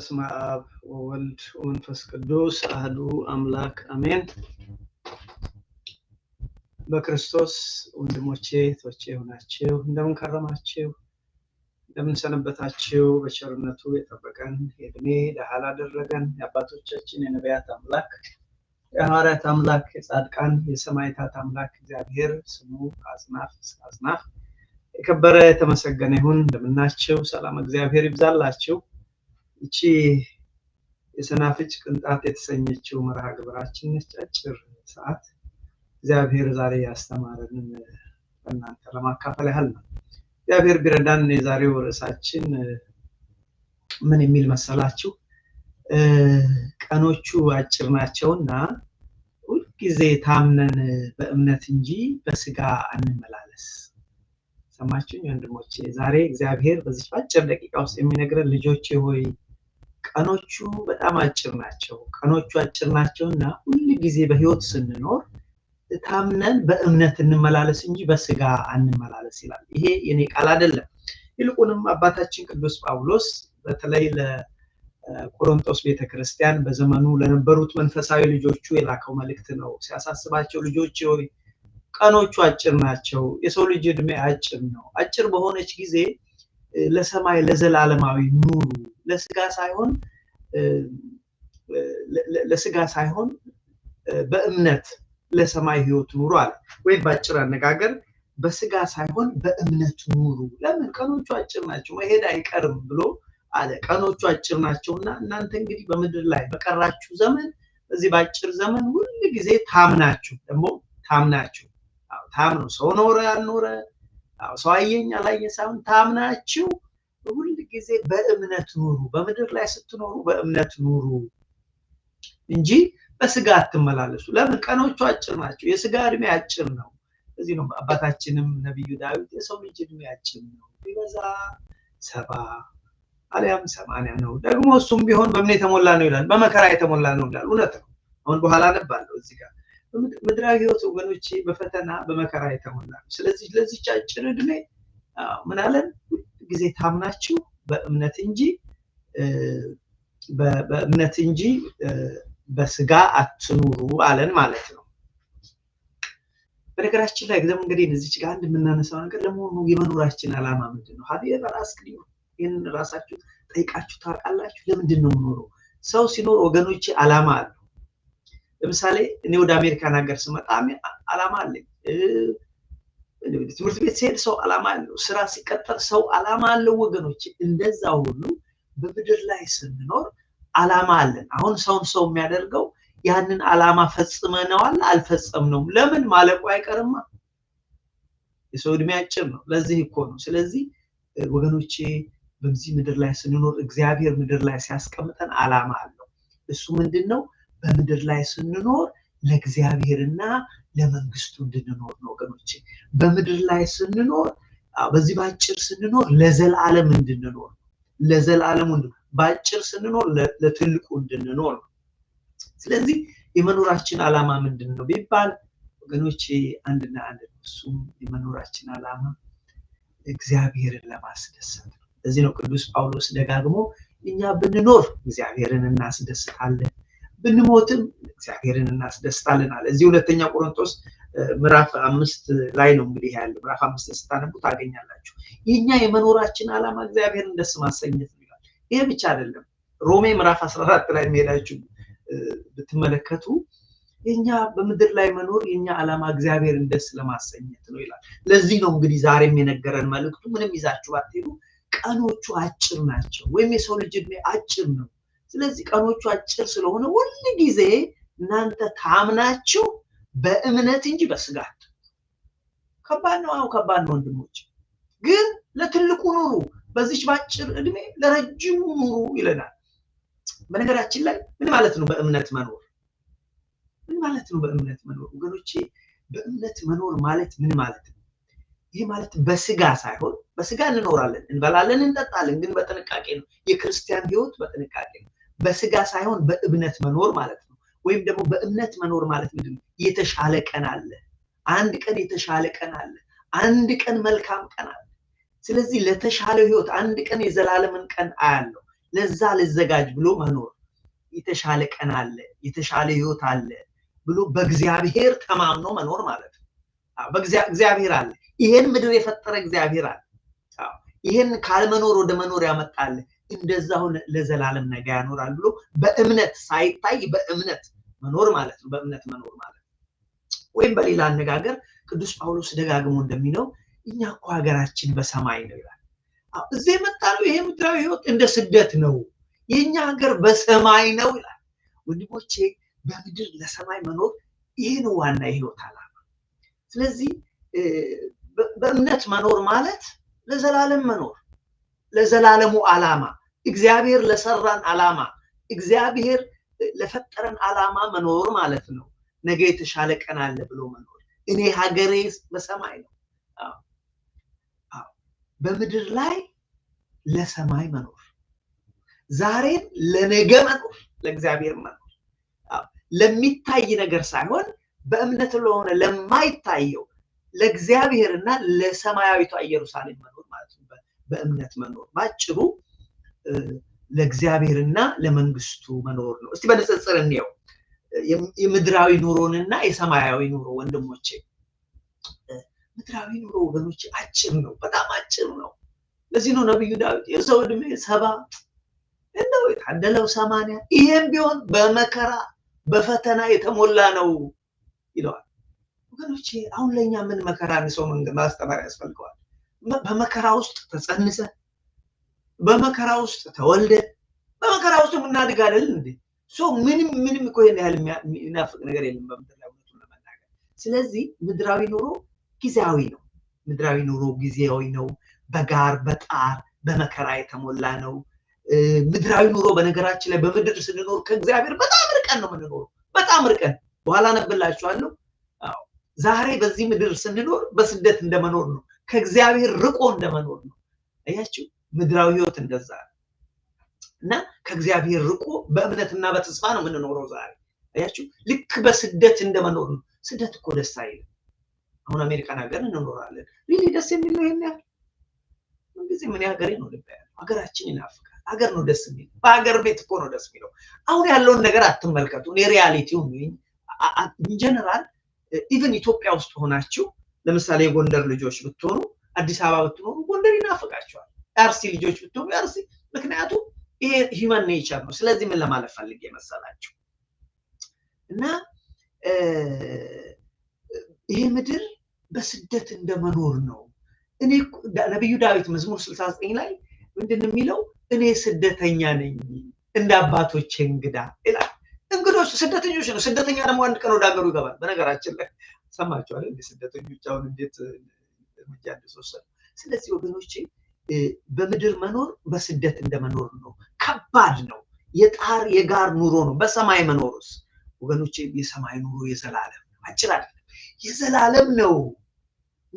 በስመ አብ ወወልድ ወመንፈስ ቅዱስ አህዱ አምላክ አሜን። በክርስቶስ ወንድሞቼ ቶቼ ሆናችሁ እንደምን ከረማችሁ? እንደምን ሰነበታችሁ? በቸርነቱ የጠበቀን የእድሜ ደሃ አደረገን የአባቶቻችን የነቢያት አምላክ የሐዋርያት አምላክ የጻድቃን የሰማዕታት አምላክ እግዚአብሔር ስሙ አጽናፍ አጽናፍ የከበረ የተመሰገነ ይሁን። እንደምናችሁ? ሰላም እግዚአብሔር ይብዛላችሁ። ይቺ የሰናፍጭ ቅንጣት የተሰኘችው መርሃ ግብራችን አጭር ሰዓት እግዚአብሔር ዛሬ ያስተማረንን በእናንተ ለማካፈል ያህል ነው። እግዚአብሔር ቢረዳን የዛሬው ርዕሳችን ምን የሚል መሰላችሁ? ቀኖቹ አጭር ናቸውና ሁልጊዜ ታምነን በእምነት እንጂ በስጋ አንመላለስ። ሰማችሁኝ ወንድሞቼ? ዛሬ እግዚአብሔር በዚች አጭር ደቂቃ ውስጥ የሚነግረን ልጆቼ ሆይ ቀኖቹ በጣም አጭር ናቸው። ቀኖቹ አጭር ናቸው እና ሁል ጊዜ በህይወት ስንኖር ታምነን በእምነት እንመላለስ እንጂ በስጋ አንመላለስ ይላል። ይሄ የኔ ቃል አይደለም። ይልቁንም አባታችን ቅዱስ ጳውሎስ በተለይ ለቆሮንቶስ ቤተክርስቲያን በዘመኑ ለነበሩት መንፈሳዊ ልጆቹ የላከው መልእክት ነው። ሲያሳስባቸው ልጆች ቀኖቹ አጭር ናቸው፣ የሰው ልጅ እድሜ አጭር ነው። አጭር በሆነች ጊዜ ለሰማይ ለዘላለማዊ ኑሩ ለስጋ ሳይሆን ለስጋ ሳይሆን በእምነት ለሰማይ ህይወት ኑሩ አለ። ወይም በአጭር አነጋገር በስጋ ሳይሆን በእምነት ኑሩ። ለምን ቀኖቹ አጭር ናቸው፣ መሄድ አይቀርም ብሎ አለ። ቀኖቹ አጭር ናቸውእና እናንተ እንግዲህ በምድር ላይ በቀራችሁ ዘመን በዚህ በአጭር ዘመን ሁሉ ጊዜ ታምናችሁ ደግሞ ታምናችሁ ታምነው ሰው ኖረ ያልኖረ ሰው ላይ አላየኝ ሳይሆን ታምናችሁ ሁል ጊዜ በእምነት ኑሩ። በምድር ላይ ስትኖሩ በእምነት ኑሩ እንጂ በስጋ አትመላለሱ። ለምን? ቀኖቹ አጭር ናቸው። የስጋ እድሜ አጭር ነው። እዚህ ነው አባታችንም ነቢዩ ዳዊት የሰው ልጅ እድሜ አጭር ነው፣ ቢበዛ ሰባ አሊያም ሰማንያ ነው። ደግሞ እሱም ቢሆን በምን የተሞላ ነው ይላል? በመከራ የተሞላ ነው ይላል። እውነት ነው። አሁን በኋላ ነባለሁ እዚህ ጋር ምድራዊ ህይወት ወገኖች በፈተና በመከራ የተሞላ ነው። ስለዚህ ለዚች አጭር እድሜ ምናለን ጊዜ ታምናችሁ በእምነት እንጂ በእምነት እንጂ በስጋ አትኑሩ አለን ማለት ነው። በነገራችን ላይ ግዘም እንግዲህ እነዚች ጋር አንድ የምናነሳው ነገር ለመሆኑ የመኖራችን አላማ ምንድን ነው? ሀብ በራስ ክሊ ይህን ራሳችሁ ጠይቃችሁ ታውቃላችሁ? ለምንድን ነው የምኖረው? ሰው ሲኖር ወገኖች አላማ አለው። ለምሳሌ እኔ ወደ አሜሪካን ሀገር ስመጣ አላማ አለኝ። ትምህርት ቤት ሲሄድ ሰው አላማ አለው። ስራ ሲቀጠር ሰው አላማ አለው። ወገኖች፣ እንደዛ ሁሉ በምድር ላይ ስንኖር አላማ አለን። አሁን ሰውን ሰው የሚያደርገው ያንን አላማ ፈጽመነዋል አልፈጸምነውም። ለምን ማለቁ አይቀርማ። የሰው እድሜ አጭር ነው። ለዚህ እኮ ነው። ስለዚህ ወገኖቼ በዚህ ምድር ላይ ስንኖር እግዚአብሔር ምድር ላይ ሲያስቀምጠን አላማ አለው። እሱ ምንድን ነው? በምድር ላይ ስንኖር ለእግዚአብሔርና ለመንግስቱ እንድንኖር ነው ወገኖች። በምድር ላይ ስንኖር በዚህ በአጭር ስንኖር ለዘላለም እንድንኖር ለዘላለሙ በአጭር ስንኖር ለትልቁ እንድንኖር ነው። ስለዚህ የመኖራችን ዓላማ ምንድን ነው ቢባል ወገኖች አንድና አንድ እሱም የመኖራችን ዓላማ እግዚአብሔርን ለማስደሰት ነው። ለዚህ ነው ቅዱስ ጳውሎስ ደጋግሞ እኛ ብንኖር እግዚአብሔርን እናስደስታለን ብንሞትም እግዚአብሔርን እናስደስታለን አለ። እዚህ ሁለተኛ ቆሮንቶስ ምዕራፍ አምስት ላይ ነው እንግዲህ ያለ ምዕራፍ አምስት ስታነቡ ታገኛላችሁ። የኛ የመኖራችን ዓላማ እግዚአብሔርን ደስ ማሰኘት ነው ይላል። ይሄ ብቻ አይደለም። ሮሜ ምዕራፍ 14 ላይ የሚሄዳችሁ ብትመለከቱ የኛ በምድር ላይ መኖር የኛ ዓላማ እግዚአብሔርን ደስ ለማሰኘት ነው ይላል። ለዚህ ነው እንግዲህ ዛሬም የነገረን መልእክቱ ምንም ይዛችሁ ባትሄዱ ቀኖቹ አጭር ናቸው፣ ወይም የሰው ልጅ እድሜ አጭር ነው ስለዚህ ቀኖቹ አጭር ስለሆነ ሁል ጊዜ እናንተ ታምናችሁ በእምነት እንጂ በስጋት ከባድ ነው። አዎ ከባድ ነው ወንድሞች፣ ግን ለትልቁ ኑሩ፣ በዚች ባጭር እድሜ ለረጅሙ ኑሩ ይለናል። በነገራችን ላይ ምን ማለት ነው በእምነት መኖር? ምን ማለት ነው በእምነት መኖር? ወገኖቼ በእምነት መኖር ማለት ምን ማለት ነው? ይህ ማለት በስጋ ሳይሆን በስጋ እንኖራለን፣ እንበላለን፣ እንጠጣለን፣ ግን በጥንቃቄ ነው። የክርስቲያን ህይወት በጥንቃቄ ነው። በስጋ ሳይሆን በእምነት መኖር ማለት ነው። ወይም ደግሞ በእምነት መኖር ማለት ምንድን ነው? የተሻለ ቀን አለ፣ አንድ ቀን የተሻለ ቀን አለ፣ አንድ ቀን መልካም ቀን አለ። ስለዚህ ለተሻለ ህይወት አንድ ቀን የዘላለምን ቀን አያለው፣ ለዛ ልዘጋጅ ብሎ መኖር፣ የተሻለ ቀን አለ፣ የተሻለ ህይወት አለ ብሎ በእግዚአብሔር ተማምኖ መኖር ማለት ነው። በእግዚአብሔር አለ፣ ይሄን ምድር የፈጠረ እግዚአብሔር አለ፣ ይሄን ካለመኖር ወደ መኖር ያመጣለ እንደዛውን ለዘላለም ነገ ያኖራል ብሎ በእምነት ሳይታይ በእምነት መኖር ማለት ነው። በእምነት መኖር ማለት ነው። ወይም በሌላ አነጋገር ቅዱስ ጳውሎስ ደጋግሞ እንደሚለው እኛ እኮ ሀገራችን በሰማይ ነው ይላል። እዚህ የመጣ ነው። ይሄ ምድራዊ ህይወት እንደ ስደት ነው። የእኛ ሀገር በሰማይ ነው ይላል። ወንድሞቼ በምድር ለሰማይ መኖር ይህን ዋና የህይወት አላማ። ስለዚህ በእምነት መኖር ማለት ለዘላለም መኖር ለዘላለሙ አላማ እግዚአብሔር ለሰራን አላማ እግዚአብሔር ለፈጠረን አላማ መኖር ማለት ነው። ነገ የተሻለ ቀን አለ ብሎ መኖር። እኔ ሀገሬ በሰማይ ነው። በምድር ላይ ለሰማይ መኖር፣ ዛሬን ለነገ መኖር፣ ለእግዚአብሔር መኖር፣ ለሚታይ ነገር ሳይሆን በእምነት ለሆነ ለማይታየው ለእግዚአብሔርና ለሰማያዊቷ ኢየሩሳሌም መኖር ማለት ነው። በእምነት መኖር ባጭሩ ለእግዚአብሔርና ለመንግስቱ መኖር ነው። እስቲ በንጽጽር እንየው የምድራዊ ኑሮንና የሰማያዊ ኑሮ ወንድሞቼ። ምድራዊ ኑሮ ወገኖች አጭር ነው፣ በጣም አጭር ነው። ለዚህ ነው ነቢዩ ዳዊት የሰው እድሜ ሰባ እንደው የታደለው ሰማንያ ይሄም ቢሆን በመከራ በፈተና የተሞላ ነው ይለዋል። ወገኖቼ አሁን ለእኛ ምን መከራ ሰው ማስተማር ያስፈልገዋል? በመከራ ውስጥ ተጸንሰን በመከራ ውስጥ ተወልደ በመከራ ውስጥ የምናድግ አይደል እንዴ? ምንም ምንም እኮ ይሄን ያህል የሚናፍቅ ነገር የለም በምድር ላይ እውነቱን ለመናገር። ስለዚህ ምድራዊ ኑሮ ጊዜያዊ ነው። ምድራዊ ኑሮ ጊዜያዊ ነው። በጋር በጣር በመከራ የተሞላ ነው። ምድራዊ ኑሮ በነገራችን ላይ በምድር ስንኖር ከእግዚአብሔር በጣም ርቀን ነው የምንኖረው። በጣም ርቀን በኋላ ነብላችኋለሁ። ዛሬ በዚህ ምድር ስንኖር በስደት እንደመኖር ነው። ከእግዚአብሔር ርቆ እንደመኖር ነው። አያችሁ ምድራዊ ህይወት እንደዛ እና ከእግዚአብሔር ርቆ በእምነትና በተስፋ ነው የምንኖረው ዛሬ አያችሁ ልክ በስደት እንደመኖር ነው ስደት እኮ ደስ አይልም አሁን አሜሪካን ሀገር እንኖራለን ሪሊ ደስ የሚለው ይሄን ያህል ምንጊዜ ምን ሀገሬ ነው ልበ ያለ ሀገራችን ይናፍቃል ሀገር ነው ደስ የሚለው በሀገር ቤት እኮ ነው ደስ የሚለው አሁን ያለውን ነገር አትመልከቱ እኔ ኢንጀነራል ኢቨን ኢትዮጵያ ውስጥ ሆናችሁ ለምሳሌ የጎንደር ልጆች ብትሆኑ አዲስ አበባ ብትኖሩ ጎንደር ይናፍቃቸዋል የአርሲ ልጆች ብትሆኑ የአርሲ ምክንያቱም ይሄ ሂማን ኔቸር ነው። ስለዚህ ምን ለማለት ፈልግ የመሰላችሁ እና ይሄ ምድር በስደት እንደመኖር ነው። እኔ ነቢዩ ዳዊት መዝሙር 69 ላይ ምንድን የሚለው እኔ ስደተኛ ነኝ እንደ አባቶች እንግዳ ይላል። እንግዶች ስደተኞች ነው። ስደተኛ ደግሞ አንድ ቀን ወደ ሀገሩ ይገባል። በነገራችን ላይ ሰማችኋል። ስደተኞች አሁን እንዴት እርምጃ እንደተወሰደ። ስለዚህ ወገኖቼ በምድር መኖር በስደት እንደመኖር ነው። ከባድ ነው። የጣር የጋር ኑሮ ነው። በሰማይ መኖርስ ወገኖች፣ የሰማይ ኑሮ የዘላለም ነው። አጭር አይደለም፣ የዘላለም ነው።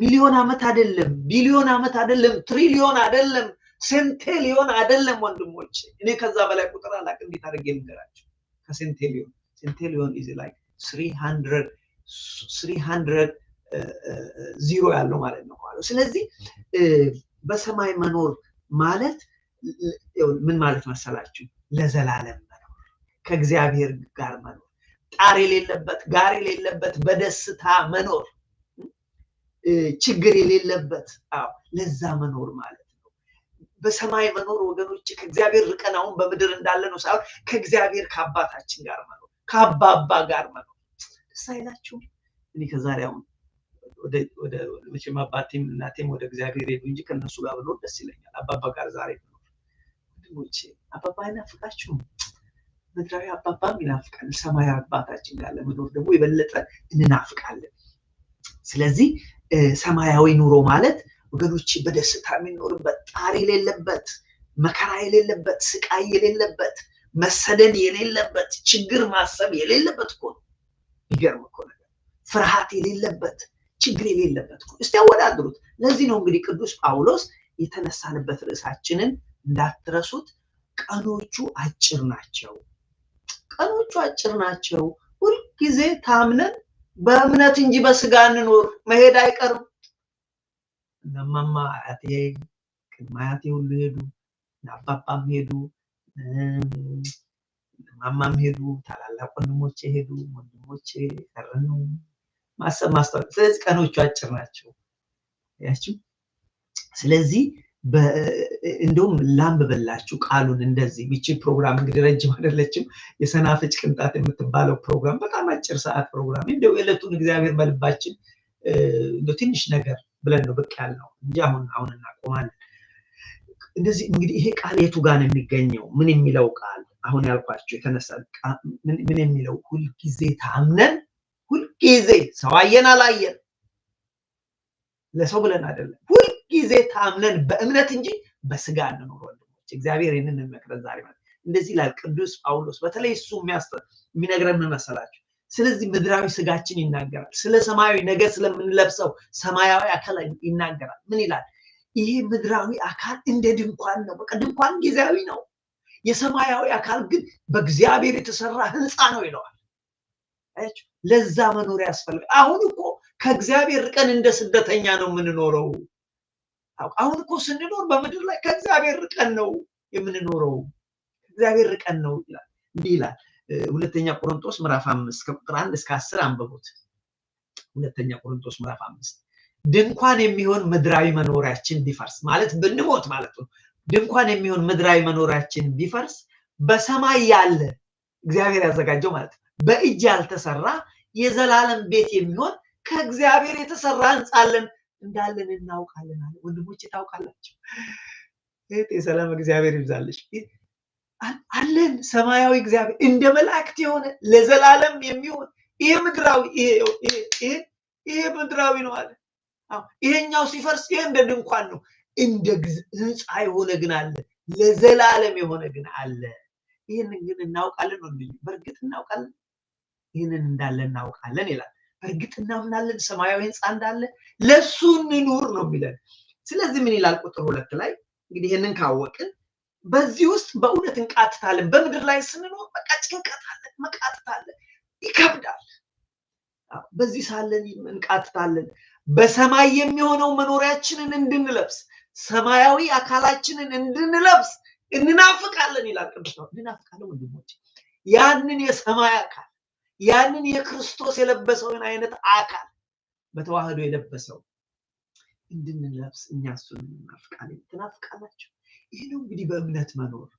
ሚሊዮን ዓመት አይደለም፣ ቢሊዮን ዓመት አይደለም፣ ትሪሊዮን አይደለም፣ ሴንቴሊዮን አይደለም። ወንድሞች፣ እኔ ከዛ በላይ ቁጥር አላቅ። እንዴት አድርጌ ልንገራቸው? ከሴንቴሊዮን ሴንቴሊዮን ኢዝ ላይክ ስሪ ሀንድረድ ዚሮ ያለው ማለት ነው። ስለዚህ በሰማይ መኖር ማለት ምን ማለት መሰላችሁ? ለዘላለም መኖር፣ ከእግዚአብሔር ጋር መኖር፣ ጣር የሌለበት ጋር የሌለበት በደስታ መኖር፣ ችግር የሌለበት አዎ፣ ለዛ መኖር ማለት ነው። በሰማይ መኖር ወገኖች፣ ከእግዚአብሔር ርቀን አሁን በምድር እንዳለ ነው ሳይሆን ከእግዚአብሔር ከአባታችን ጋር መኖር፣ ከአባባ ጋር መኖር ደስ አይላችሁም? እኔ ከዛሬ አሁን ወደ መቼም አባቴም እናቴም ወደ እግዚአብሔር ሄዱ እንጂ ከነሱ ጋር ብኖር ደስ ይለኛል። አባባ ጋር ዛሬ ብኖር ወንድሞቼ፣ አባባ አይናፍቃችሁም? ምድራዊ አባባም ይናፍቃል። ሰማያዊ አባታችን ጋር ለመኖር ደግሞ የበለጠ እንናፍቃለን። ስለዚህ ሰማያዊ ኑሮ ማለት ወገኖች በደስታ የሚኖርበት ጣር የሌለበት መከራ የሌለበት ስቃይ የሌለበት መሰደድ የሌለበት ችግር ማሰብ የሌለበት እኮ ነው። ይገርም እኮ ነገር ፍርሃት የሌለበት ችግር የሌለበት ነው። እስቲ ያወዳድሩት። ለዚህ ነው እንግዲህ ቅዱስ ጳውሎስ የተነሳንበት ርዕሳችንን እንዳትረሱት፣ ቀኖቹ አጭር ናቸው። ቀኖቹ አጭር ናቸው። ሁልጊዜ ታምነን በእምነት እንጂ በስጋ እንኖር መሄድ አይቀርም። እነማማ አያቴ ቅድመ አያቴ ሁሉ ሄዱ፣ አባባም ሄዱ፣ ማማም ሄዱ፣ ታላላቅ ወንድሞቼ ሄዱ፣ ወንድሞቼ ቀረኑ ማሰብ ማስተዋል። ስለዚህ ቀኖቹ አጭር ናቸው። ያችው ስለዚህ እንደውም ላም በበላችሁ ቃሉን እንደዚህ ቢቺ ፕሮግራም እንግዲህ ረጅም አይደለችም። የሰናፍጭ ቅንጣት የምትባለው ፕሮግራም በጣም አጭር ሰዓት ፕሮግራም እንደው የዕለቱን እግዚአብሔር በልባችን ትንሽ ነገር ብለን ነው ብቅ ያልነው እንጂ አሁን አሁን እናቆማለን። እንደዚህ እንግዲህ ይሄ ቃል የቱ ጋር ነው የሚገኘው? ምን የሚለው ቃል አሁን ያልኳቸው የተነሳ ምን የሚለው ሁልጊዜ ታምነን ሁልጊዜ ሰው አየን አላየን ለሰው ብለን አይደለም። ሁልጊዜ ታምነን በእምነት እንጂ በስጋ እንኖር ወንድሞች። እግዚአብሔር ይህንን እንመክረን ዛሬ ማለት እንደዚህ ይላል ቅዱስ ጳውሎስ። በተለይ እሱ የሚነግረን ምን ስለዚህ ምድራዊ ስጋችን ይናገራል፣ ስለ ሰማያዊ ነገር ስለምንለብሰው ሰማያዊ አካል ይናገራል። ምን ይላል? ይሄ ምድራዊ አካል እንደ ድንኳን ነው። በቃ ድንኳን ጊዜያዊ ነው። የሰማያዊ አካል ግን በእግዚአብሔር የተሰራ ህንፃ ነው ይለዋል። አያችሁ፣ ለዛ መኖር ያስፈልጋል። አሁን እኮ ከእግዚአብሔር ርቀን እንደ ስደተኛ ነው የምንኖረው። አሁን እኮ ስንኖር በምድር ላይ ከእግዚአብሔር ርቀን ነው የምንኖረው። እግዚአብሔር ርቀን ነው ይላል። እንዲህ ይላል ሁለተኛ ቆሮንቶስ ምዕራፍ አምስት ከቁጥር አንድ እስከ አስር አንብቡት። ሁለተኛ ቆሮንቶስ ምዕራፍ አምስት ድንኳን የሚሆን ምድራዊ መኖሪያችን ቢፈርስ ማለት ብንሞት ማለት ነው። ድንኳን የሚሆን ምድራዊ መኖሪያችን ቢፈርስ በሰማይ ያለ እግዚአብሔር ያዘጋጀው ማለት ነው በእጅ ያልተሰራ የዘላለም ቤት የሚሆን ከእግዚአብሔር የተሰራ ህንፃ አለን እንዳለን እናውቃለን አለ። ወንድሞች ታውቃላችሁ። የሰላም እግዚአብሔር ይብዛለች አለን ሰማያዊ እግዚአብሔር እንደ መላእክት የሆነ ለዘላለም የሚሆን ይሄ ምድራዊ ይሄ ምድራዊ ነው አለ። ይሄኛው ሲፈርስ ይሄ እንደ ድንኳን ነው። እንደ ህንፃ የሆነ ግን አለ፣ ለዘላለም የሆነ ግን አለ። ይህን ግን እናውቃለን። ወንድ በእርግጥ እናውቃለን። ይህንን እንዳለ እናውቃለን ይላል። በእርግጥ እናምናለን ሰማያዊ ህንፃ እንዳለ ለሱ እንኑር ነው የሚለን። ስለዚህ ምን ይላል ቁጥር ሁለት ላይ እንግዲህ ይህንን ካወቅን በዚህ ውስጥ በእውነት እንቃትታለን። በምድር ላይ ስንኖር በቃ ጭንቀት መቃትታለን ይከብዳል። በዚህ ሳለን እንቃትታለን። በሰማይ የሚሆነው መኖሪያችንን እንድንለብስ ሰማያዊ አካላችንን እንድንለብስ እንናፍቃለን ይላል ቅዱስ ነው። እንናፍቃለን ወንድሞች፣ ያንን የሰማይ አካል ያንን የክርስቶስ የለበሰውን አይነት አካል በተዋህዶ የለበሰው እንድንለብስ እኛ እሱን እናፍቃለን። ይህ ነው እንግዲህ በእምነት መኖር።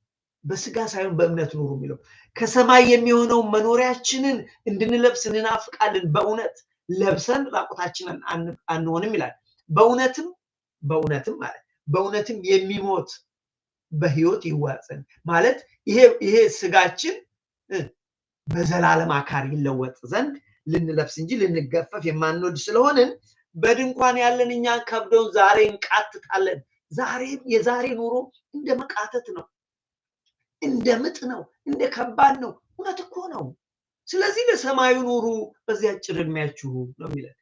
በስጋ ሳይሆን በእምነት ኑሩ የሚለው ከሰማይ የሚሆነውን መኖሪያችንን እንድንለብስ እንናፍቃለን። በእውነት ለብሰን ራቁታችንን አንሆንም ይላል። በእውነትም በእውነትም ማለት በእውነትም የሚሞት በህይወት ይዋጽን ማለት ይሄ ስጋችን በዘላለም አካል ይለወጥ ዘንድ ልንለብስ እንጂ ልንገፈፍ የማንወድ ስለሆንን በድንኳን ያለን እኛ ከብደውን ዛሬ እንቃትታለን። ዛሬ የዛሬ ኑሮ እንደ መቃተት ነው፣ እንደ ምጥ ነው፣ እንደ ከባድ ነው። እውነት እኮ ነው። ስለዚህ ለሰማዩ ኑሩ በዚህ አጭር እድሜያችሁ ነው የሚለን።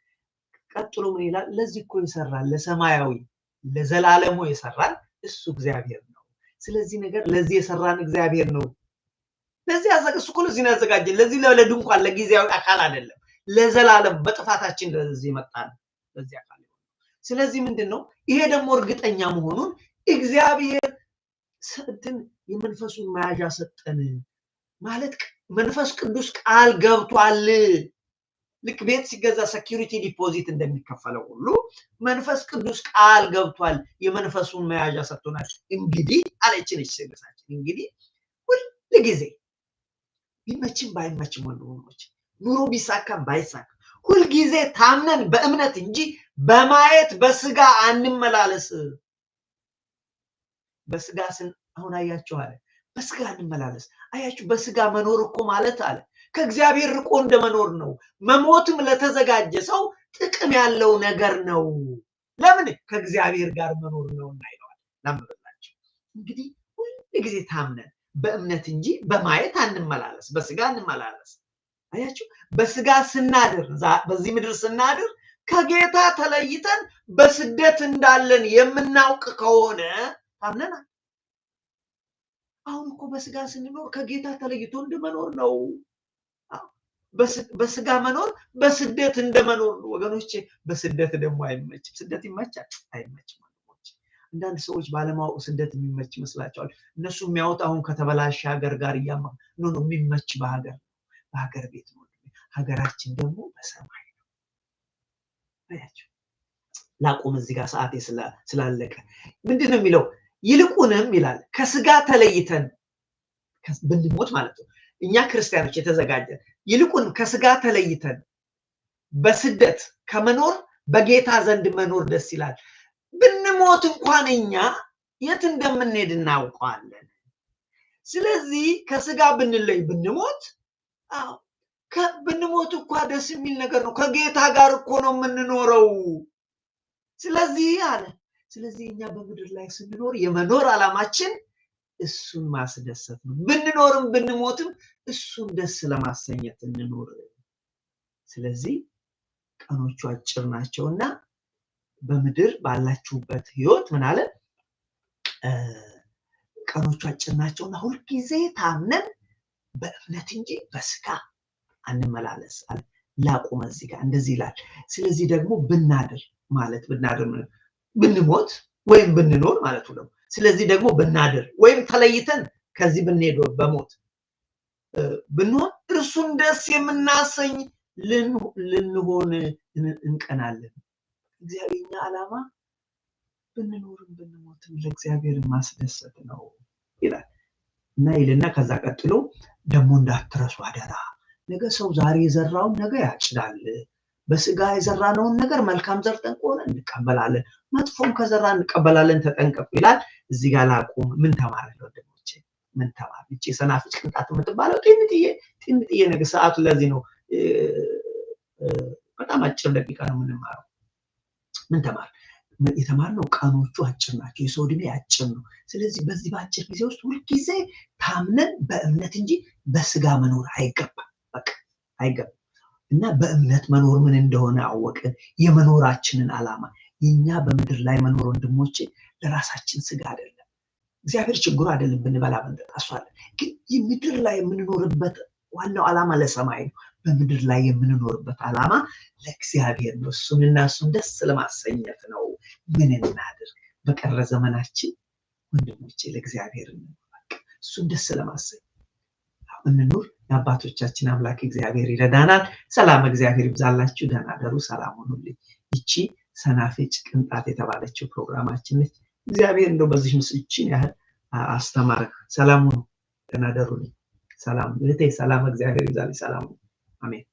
ቀጥሎ ምን ይላል? ለዚህ እኮ ይሰራል፣ ለሰማያዊ ለዘላለሙ የሰራን እሱ እግዚአብሔር ነው። ስለዚህ ነገር ለዚህ የሰራን እግዚአብሔር ነው ለዚህ እሱ እኮ እዚህ ነው ያዘጋጀን። ለዚህ ለድንኳን ለጊዜያዊ አካል አይደለም፣ ለዘላለም በጥፋታችን ለዚህ መጣን ለዚህ አካል። ስለዚህ ምንድን ነው ይሄ ደግሞ እርግጠኛ መሆኑን እግዚአብሔር እንትን የመንፈሱን መያዣ ሰጠን ማለት መንፈስ ቅዱስ ቃል ገብቷል። ልክ ቤት ሲገዛ ሰኪሪቲ ዲፖዚት እንደሚከፈለው ሁሉ መንፈስ ቅዱስ ቃል ገብቷል፣ የመንፈሱን መያዣ ሰጥቶናል። እንግዲህ አለችን ስልሳችን እንግዲህ ሁል ጊዜ ቢመችም ባይመችም ወንድሞች ኑሮ ቢሳካም ባይሳካ ሁልጊዜ ታምነን በእምነት እንጂ በማየት በስጋ አንመላለስ። በስጋ ስን አሁን አያችሁ አለ በስጋ አንመላለስ። አያችሁ በስጋ መኖር እኮ ማለት አለ ከእግዚአብሔር ርቆ እንደ መኖር ነው። መሞትም ለተዘጋጀ ሰው ጥቅም ያለው ነገር ነው። ለምን ከእግዚአብሔር ጋር መኖር ነው እና ይለዋል። ላንብበላችሁ እንግዲህ ሁል ጊዜ ታምነን በእምነት እንጂ በማየት አንመላለስ፣ በስጋ አንመላለስ። አያችሁ፣ በስጋ ስናድር፣ በዚህ ምድር ስናድር ከጌታ ተለይተን በስደት እንዳለን የምናውቅ ከሆነ ታምነናል። አሁን እኮ በስጋ ስንኖር ከጌታ ተለይቶ እንደመኖር ነው። በስጋ መኖር በስደት እንደመኖር ነው ወገኖቼ። በስደት ደግሞ አይመችም። ስደት ይመቻል? አይመችም። አንዳንድ ሰዎች ባለማወቅ ስደት የሚመች ይመስላቸዋል። እነሱ የሚያወጥ አሁን ከተበላሸ ሀገር ጋር እያማ ኖ ነው የሚመች በሀገር በሀገር ቤት ነው። ሀገራችን ደግሞ በሰማይ ነው። ያቸው ላቁም እዚህ ጋር ሰዓቴ ስላለቀ ምንድን ነው የሚለው? ይልቁንም ይላል ከስጋ ተለይተን ብንሞት ማለት ነው እኛ ክርስቲያኖች የተዘጋጀን ይልቁን ከስጋ ተለይተን በስደት ከመኖር በጌታ ዘንድ መኖር ደስ ይላል። ብንሞት እንኳን እኛ የት እንደምንሄድ እናውቀዋለን። ስለዚህ ከስጋ ብንለይ ብንሞት ብንሞት እኳ ደስ የሚል ነገር ነው። ከጌታ ጋር እኮ ነው የምንኖረው። ስለዚህ አለ ስለዚህ እኛ በምድር ላይ ስንኖር የመኖር ዓላማችን እሱን ማስደሰት ነው። ብንኖርም ብንሞትም እሱን ደስ ለማሰኘት እንኖር። ስለዚህ ቀኖቹ አጭር ናቸውና በምድር ባላችሁበት ህይወት ምናለ ቀኖቹ አጭር ናቸውና ሁልጊዜ ታምነን በእምነት እንጂ በስጋ አንመላለስ አለ። ላቁመ እዚህ ጋር እንደዚህ ይላል። ስለዚህ ደግሞ ብናድር ማለት ብናድር ብንሞት ወይም ብንኖር ማለቱ ነው። ስለዚህ ደግሞ ብናድር ወይም ተለይተን ከዚህ ብንሄድ በሞት ብንሆን እርሱን ደስ የምናሰኝ ልንሆን እንቀናለን። እግዚአብሔር የኛ ዓላማ ብንኖርም ብንሞትም ለእግዚአብሔር ማስደሰት ነው ይላል እና ይልና ከዛ ቀጥሎ ደግሞ እንዳትረሱ አደራ። ነገ ሰው ዛሬ የዘራውን ነገ ያጭዳል። በስጋ የዘራነውን ነገር መልካም ዘርተን ከሆነ እንቀበላለን፣ መጥፎም ከዘራ እንቀበላለን። ተጠንቀቁ ይላል። እዚህ ጋር ላቁም። ምን ተማረ ወንድሞቼ? ምን ተማርን? ይቺ ሰናፍጭ ቅንጣት የምትባለው ጢንጥዬ ጢንጥዬ ሰዓቱ ለዚህ ነው። በጣም አጭር ደቂቃ ነው የምንማረው። ምን ተማር የተማርነው ቀኖቹ አጭር ናቸው። የሰው ዕድሜ አጭር ነው። ስለዚህ በዚህ በአጭር ጊዜ ውስጥ ሁልጊዜ ታምነን በእምነት እንጂ በስጋ መኖር አይገባም። በቃ አይገባም እና በእምነት መኖር ምን እንደሆነ አወቅን። የመኖራችንን ዓላማ የኛ በምድር ላይ መኖር ወንድሞች ለራሳችን ስጋ አይደለም። እግዚአብሔር ችግሩ አይደለም ብንበላ ብንጠጣ እሱ አለ። ግን የምድር ላይ የምንኖርበት ዋናው ዓላማ ለሰማይ ነው። በምድር ላይ የምንኖርበት ዓላማ ለእግዚአብሔር ነው። እሱን እና እሱን ደስ ለማሰኘት ነው። ምን እናድርግ? በቀረ ዘመናችን ወንድሞች ለእግዚአብሔር እሱን ደስ ለማሰኘት እንኑር። የአባቶቻችን አምላክ እግዚአብሔር ይረዳናል። ሰላም እግዚአብሔር ይብዛላችሁ። ደህና ደሩ። ሰላም ሆኑልኝ። ይቺ ሰናፍጭ ቅንጣት የተባለችው ፕሮግራማችን ነች። እግዚአብሔር እንደው በዚህ ምስል ያህል አስተማረ። ሰላም ሆኑ፣ ደህና ደሩልኝ። ሰላም እህቴ፣ ሰላም እግዚአብሔር ይብዛልኝ። ሰላም አሜን።